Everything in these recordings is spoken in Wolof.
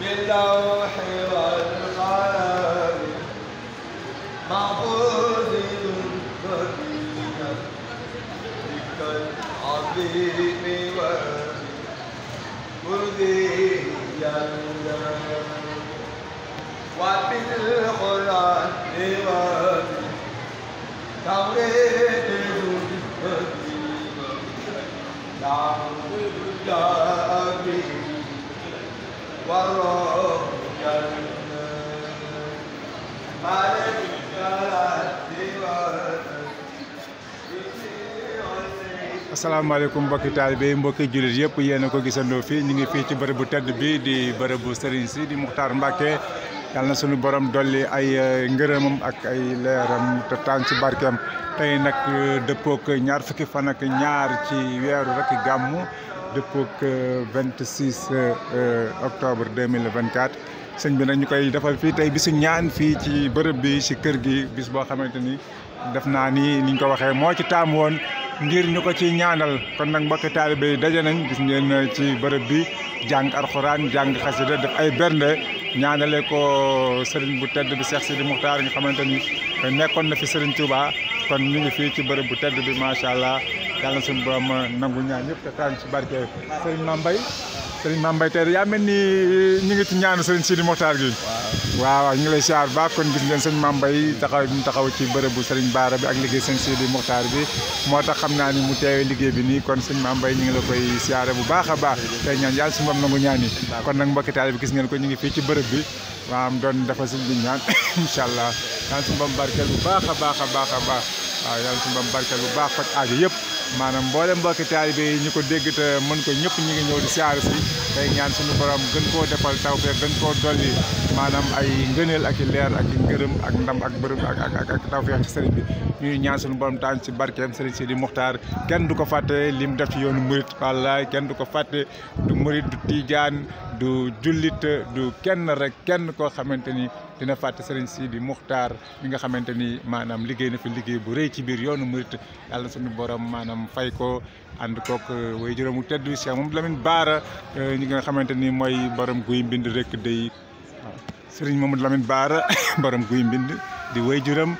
باللوح والقلم معبود بقينا بك العظيم ومرضيه الله وبالقرآن وبالتوريد بقينا دعوة Assalamualaikum mbokki talibé mbokk julit yépp yéen ko gisandoo fi ñi ngi fi ci tedd bi di bërëbu sëriñ si di Muxtaar Mbàkke yàlla na suñu borom dolli ay euh, ngërëmam ak ay leeram te taan ci barkeem tey nag euh, dëppook ñaar fukki fan ak ñaar ci weeru rek gàmmu dëppook 26 euh, euh, octobre 2024 sëñ bi nag ñu koy defal fii tey bisu ñaan fii ci bërëb bi si kër gi bis boo xamante ni def naa ni niñ ko waxee moo ci taam woon ngir ñu ko ci ñaanal kon nag mbokki taalibe yi daje nañ gis ngeen ci bërëb bi jàng arxuraan jàng xasida def ay bernde ñaanale ko sëriñ bu tedd bi Cheikh Sidi Moukhtar nga xamante ni nekkoon na fi sëriñ Touba kon ñu ngi fii ci bërëb bu tedd bi macha allah yàlla na suñu borom nangu ñaan yëpp te taan ci barke sëriñ Mame Mbaye sëriñ Mame Mbaye ya yaa mel ni ñu ngi ci ñaanu sëriñ Sidi Mokhtar gi waaw waaw ñu lay siyaar baax kon gis ngeen sëñ Mame Mbaye taxaw bi mu taxaw ci bërëbu sëriñ Baara bi ak liggéey sëñ Sidi Mokhtar bi moo tax ni mu teewee liggéey bi nii kon sëñ Mame Mbaye ñu ngi la koy siyaare bu baax a baax tey ñaan yàlla suñu borom nangu ñaan yi kon nag mbokki taal bi gis ngeen ko ñu ngi fii ci bërëb bi waaw doon dafa bi ñaan bu baax a baax baax a bu baax faj aajo yëpp maanaam mboolem mbokki taalibe yi ñu ko dégg te mën ko ñëpp ñu ngi ñëw di siyaare si tey ñaan suñu borom gën ko defal tawfiq gën ko doli manam ay ngeenel ak leer ak i ak ndam ak bërëm ak ak ak tawfiq ci serigne bi ñuy ñaan suñu borom taan ci barkeem sëriñ Sidi muxtar kenn duko faté lim def ci yoonu murit wallahi kenn duko faté du murit du tiijaan du julit du kenn rek kenn ko xamanteni ni dina fàtte sëriñ Sidi muxtar mi nga xamanteni manam liggéey na fi liggéey bu reey ci bir yoonu murit yalla suñu borom manam fay ko ko ko uh, way juróomu teddu Cheikh Mamadou Lamine Bara uh, nga xamante ni mooy borom guy mbind rek sëriñ Serigne Mamadou Lamine Baara borom guy mbind di waajuram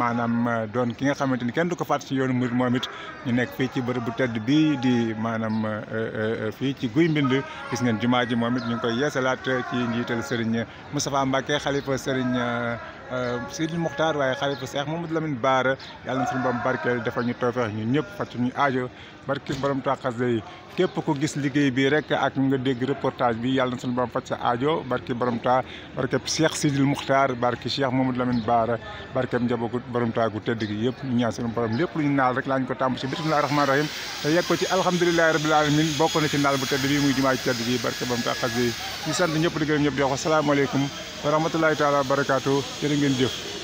maanaam uh, doon ki nga xamante ni kenn du ko fàtt ci yoonu murid moom it ñu nekk fii ci bërëb bu tedd bii di maanaam uh, uh, fii ci guy mbind gis ngeen jumaa ji moom it ñu ngi koy yeesalaat ci njiital Serigne Moustapha Mbacke xalifa Serigne. Euh, Seydil Mokhtar waaye xalifa Seex Mamadou Lamine Baara yàlla na suñu borom barkeel defal ñu tawfeex ñu ñëpp fàccu ñu aajo barki borom Touba yi képp ku gis liggéey bi rek ak nga dégg reportage bi yàlla na suñu borom faj sa aajo barki borom Touba barke Seex Seydil Mokhtar barki Cheikh Mamadou Lamine Baara barke njabootu borom Touba gu tedd gi yëpp ñu ñaan suñu borom lépp lu ñu naal rek laa ñu ko tàmb ci bismillahi rahmaani rahim te yegg ko ci alhamdulilahi rabbil alamin bokk na ci naal bu tedd bi muy jumaa ci tedd bi barke borom Touba yi something in